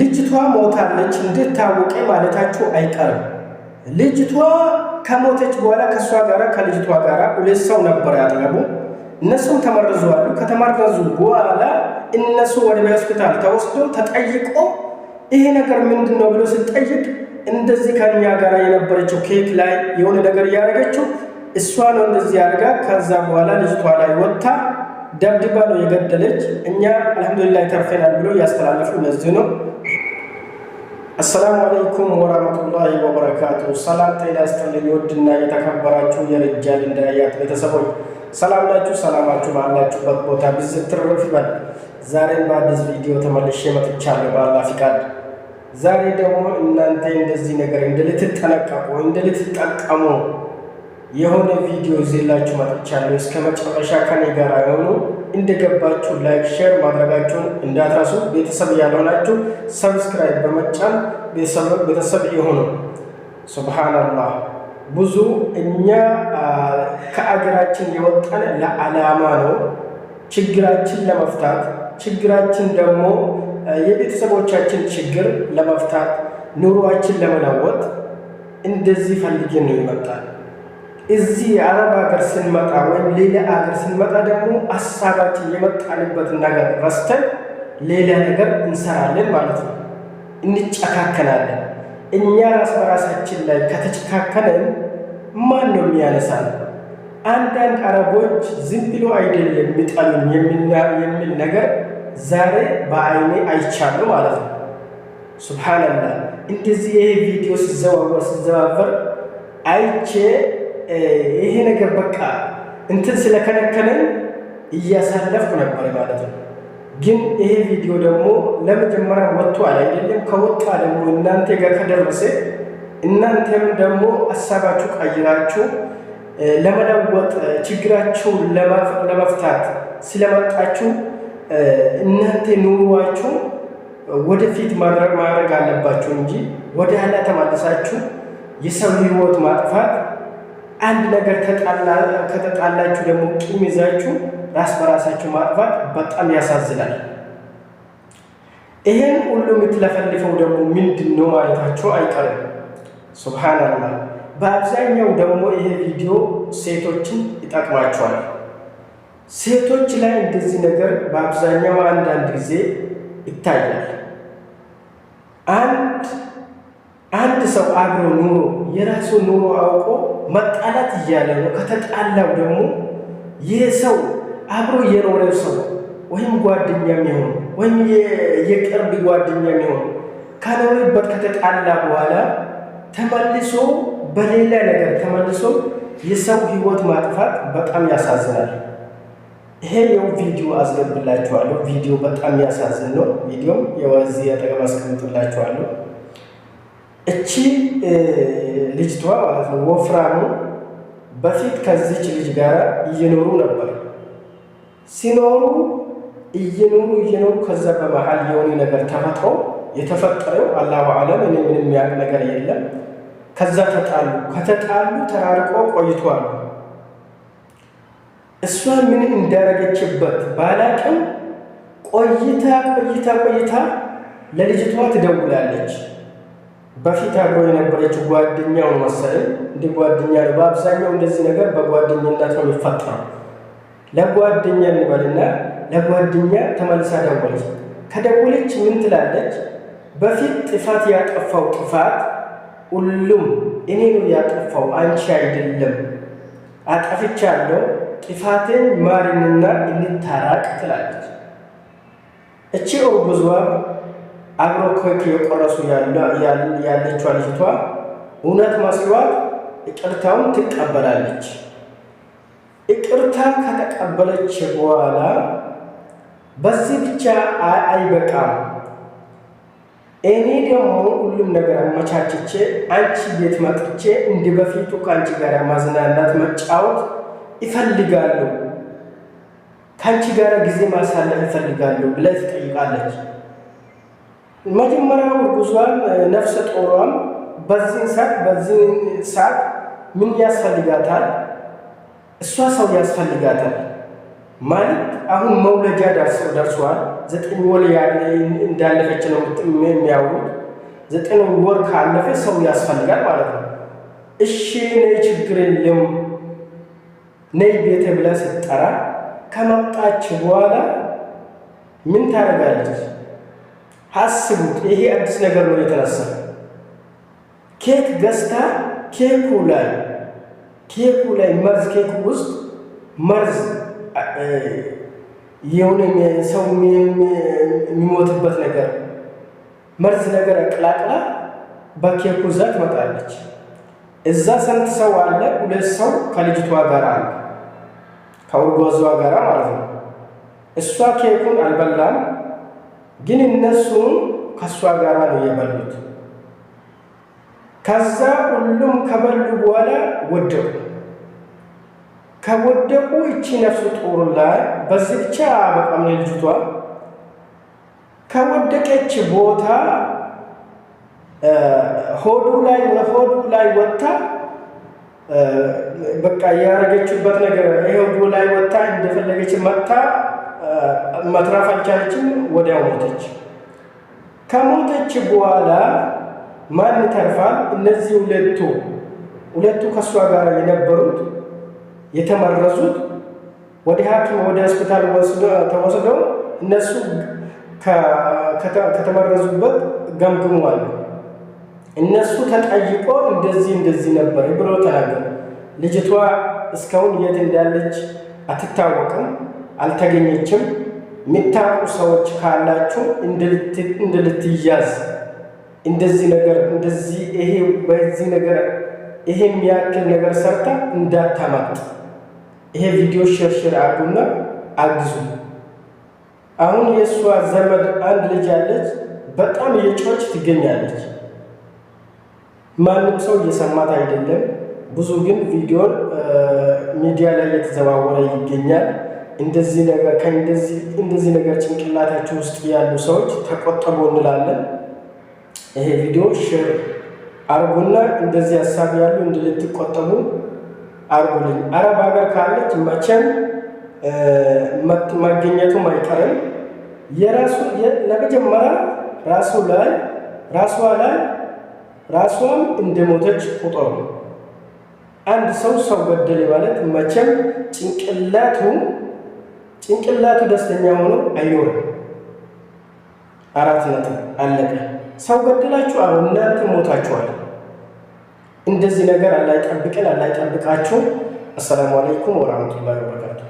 ልጅቷ ሞታለች እንድታወቀ ማለታችሁ አይቀርም። ልጅቷ ከሞተች በኋላ ከእሷ ጋር ከልጅቷ ጋር ሁለት ሰው ነበር ያጠገቡ። እነሱም ተመርዘዋሉ። ከተመረዙ በኋላ እነሱ ወደ ሆስፒታል ተወስዶ ተጠይቆ ይሄ ነገር ምንድን ነው ብሎ ስጠይቅ እንደዚህ ከኛ ጋር የነበረችው ኬክ ላይ የሆነ ነገር እያደረገችው እሷ ነው እንደዚህ አድርጋ ከዛ በኋላ ልጅቷ ላይ ወጥታ ደብድባ ነው የገደለች። እኛ አልሐምዱሊላህ ተርፌናል ብሎ እያስተላለፉ እነዚህ ነው። አሰላሙ አለይኩም ወራህመቱላሂ ወበረካቱ። ሰላም ጤና ይስጥልኝ። ውድና የተከበራችሁ የርጃል እንዳያት ቤተሰቦች ሰላም ናችሁ? ሰላማችሁ ባላችሁበት ቦታ ብዝት ትርፍ ይበል። ዛሬም በአዲስ ቪዲዮ ተመልሼ መጥቻለሁ በአላህ ፍቃድ። ዛሬ ደግሞ እናንተ እንደዚህ ነገር እንደልትጠነቀቁ እንደልትጠቀሙ የሆነ ቪዲዮ ዜላችሁ መጥቻለሁ። እስከ መጨረሻ ከኔ ጋር የሆኑ እንደገባችሁ ላይክ፣ ሼር ማድረጋችሁን እንዳትረሱ። ቤተሰብ ያልሆናችሁ ሰብስክራይብ በመጫን ቤተሰብ የሆኑ ሱብሃነላህ ብዙ እኛ ከአገራችን የወጣን ለዓላማ ነው፣ ችግራችን ለመፍታት ችግራችን ደግሞ የቤተሰቦቻችን ችግር ለመፍታት ኑሯችን ለመለወጥ እንደዚህ ፈልጌ ነው ይመጣል እዚህ የአረብ ሀገር ስንመጣ ወይም ሌላ ሀገር ስንመጣ ደግሞ አሳባችን የመጣንበትን ነገር ረስተን ሌላ ነገር እንሰራለን ማለት ነው። እንጨካከናለን። እኛ ራስ በራሳችን ላይ ከተጨካከለን ማን ነው የሚያነሳን? አንዳንድ አረቦች ዝም ብሎ አይደለም የሚጠሉን የሚል ነገር ዛሬ በአይኔ አይቻሉ ማለት ነው። ሱብሃነላህ እንደዚህ ይሄ ቪዲዮ ሲዘዋወር ሲዘዋወር አይቼ ይሄ ነገር በቃ እንትን ስለከለከለን እያሳለፍኩ ነበር ማለት ነው። ግን ይሄ ቪዲዮ ደግሞ ለመጀመሪያ ወጥቷል አይደለም? ከወጣ ደግሞ እናንተ ጋር ከደረሰ እናንተም ደግሞ ሀሳባችሁ ቀይራችሁ ለመለወጥ ችግራችሁን ለመፍታት ስለመጣችሁ እናንተ ኑሯችሁ ወደፊት ማድረግ አለባችሁ እንጂ ወደ ኋላ ተመልሳችሁ የሰው ህይወት ማጥፋት አንድ ነገር ከተጣላችሁ ደግሞ ቂም ይዛችሁ ራስ በራሳችሁ ማጥፋት በጣም ያሳዝናል። ይህን ሁሉ የምትለፈልፈው ደግሞ ምንድን ነው ማለታቸው አይቀርም። ሱብሃናላህ። በአብዛኛው ደግሞ ይሄ ቪዲዮ ሴቶችን ይጠቅማቸዋል። ሴቶች ላይ እንደዚህ ነገር በአብዛኛው አንዳንድ ጊዜ ይታያል። አንድ ሰው አብሮ ኑሮ የራሱ ኑሮ አውቆ መጣላት እያለ ነው። ከተጣላው ደግሞ ይህ ሰው አብሮ የኖረው ሰው ወይም ጓደኛ የሚሆኑ ወይም የቅርብ ጓደኛ የሚሆኑ ከኖረበት ከተጣላ በኋላ ተመልሶ በሌላ ነገር ተመልሶ የሰው ህይወት ማጥፋት በጣም ያሳዝናል። ይሄ የው ቪዲዮ አስገብላችኋለሁ። ቪዲዮ በጣም ያሳዝን ነው። ቪዲዮም የዚህ አጠገብ አስቀምጥላችኋለሁ። እቺ ልጅቷ ማለት ነው ወፍራሙ በፊት ከዚች ልጅ ጋር እየኖሩ ነበር። ሲኖሩ እየኖሩ እየኖሩ ከዛ በመሀል የሆነ ነገር ተፈጥሮ የተፈጠረው አላሁ አለም፣ እኔ ምንም ያቅ ነገር የለም። ከዛ ተጣሉ። ከተጣሉ ተራርቆ ቆይቷል። እሷ ምን እንዳረገችበት ባላቅም ቆይታ ቆይታ ቆይታ ለልጅቷ ትደውላለች። በፊት አብሮ የነበረችው ጓደኛውን መሰለኝ እንደ ጓደኛ ነው። በአብዛኛው እንደዚህ ነገር በጓደኝነት ነው የሚፈጠረው። ለጓደኛ እንበልና ለጓደኛ ተመልሳ ደወለች። ከደወለች ምን ትላለች? በፊት ጥፋት ያጠፋው ጥፋት ሁሉም እኔ ነው ያጠፋው፣ አንቺ አይደለም፣ አጠፍቻለሁ፣ ጥፋቴን ማሪንና እንታራቅ ትላለች። እቺ ኦርጉዝዋ አብሮ ኬክ የቆረሱ ያለችዋ ልጅቷ እውነት መስሏት ይቅርታውን ትቀበላለች። ይቅርታ ከተቀበለች በኋላ በዚህ ብቻ አይበቃም። እኔ ደግሞ ሁሉም ነገር አመቻችቼ አንቺ ቤት መጥቼ እንደ በፊቱ ከአንቺ ጋር ማዝናናት፣ መጫወት ይፈልጋለሁ፣ ከአንቺ ጋር ጊዜ ማሳለፍ ይፈልጋለሁ ብለህ ትጠይቃለች። መጀመሪያው እርጉዟን ነፍሰ ጦሯን በዚህን ሰዓት በዚህን ሰዓት ምን ያስፈልጋታል? እሷ ሰው ያስፈልጋታል ማለት አሁን መውለጃ ደርሷል። ዘጠኝ ወር እንዳለፈች ነው የሚያውሩት። ዘጠኝ ወር ካለፈ ሰው ያስፈልጋል ማለት ነው። እሺ ነይ፣ ችግር የለም ነይ ቤተ ብላ ስትጠራ ከመጣች በኋላ ምን ታደርጋለች? አስቡት። ይሄ አዲስ ነገር ነው የተነሳ ኬክ ገዝታ ኬኩ ላይ ኬኩ ላይ መርዝ ኬኩ ውስጥ መርዝ የሆነ ሰው የሚሞትበት ነገር መርዝ ነገር አቀላቅላ በኬኩ እዛ ትመጣለች። እዛ ስንት ሰው አለ? ሁለት ሰው ከልጅቷ ጋር አለ፣ ከውርጓዟ ጋር ማለት ነው። እሷ ኬኩን አልበላም። ግን እነሱም ከእሷ ጋር ነው የበሉት። ከዛ ሁሉም ከበሉ በኋላ ወደቁ። ከወደቁ እቺ ነፍስ ጡር ላይ በዚህ ብቻ በጣም ልጅቷ ከወደቀች ቦታ ሆዱ ላይ ለሆዱ ላይ ወጥታ በቃ ያረገችበት ነገር ሆዱ ላይ ወጥታ እንደፈለገች መጥታ መትረፍ አልቻለችም። ወዲያው ሞተች። ከሞተች በኋላ ማን ተርፋል? እነዚህ ሁለቱ ሁለቱ ከእሷ ጋር የነበሩት የተመረዙት ወደ ሐኪም ወደ ሆስፒታል ተወስደው እነሱ ከተመረዙበት ገምግሟል። እነሱ ተጠይቆ እንደዚህ እንደዚህ ነበር ብሎ ተናገሩ። ልጅቷ እስካሁን የት እንዳለች አትታወቅም። አልተገኘችም። የምታውቁ ሰዎች ካላችሁ እንድልትያዝ እንደዚህ ነገር እንደዚህ ይሄ በዚህ ነገር ይሄ የሚያክል ነገር ሰርታ እንዳታማጥ ይሄ ቪዲዮ ሸርሽር አድርጉና አግዙ። አሁን የእሷ ዘመድ አንድ ልጅ አለች፣ በጣም የጮች ትገኛለች። ማንም ሰው እየሰማት አይደለም። ብዙ ግን ቪዲዮን ሚዲያ ላይ እየተዘዋወረ ይገኛል። እንደዚህ ነገር እንደዚህ ነገር ጭንቅላታችሁ ውስጥ ያሉ ሰዎች ተቆጠቡ እንላለን። ይሄ ቪዲዮ ሼር አርጉና እንደዚህ ሀሳብ ያሉ እንድትቆጠቡ አርጉልኝ። አረብ ሀገር ካለች መቼም ማገኘቱም አይቀርም። የራሱ ለመጀመሪያ ራሱ ላይ ራሷ ላይ ራሷም እንደሞተች ቁጠሩ። አንድ ሰው ሰው ገደለ ማለት መቼም ጭንቅላቱ ጭንቅላቱ ደስተኛ ሆኖ አይኖርም። አራት ነጥብ አለቀ። ሰው ገድላችሁ አሁ እናንተ ሞታችኋል። እንደዚህ ነገር አላይጠብቅን አላይጠብቃችሁ። አሰላሙ አለይኩም ወራህመቱላሂ ወበረካቱ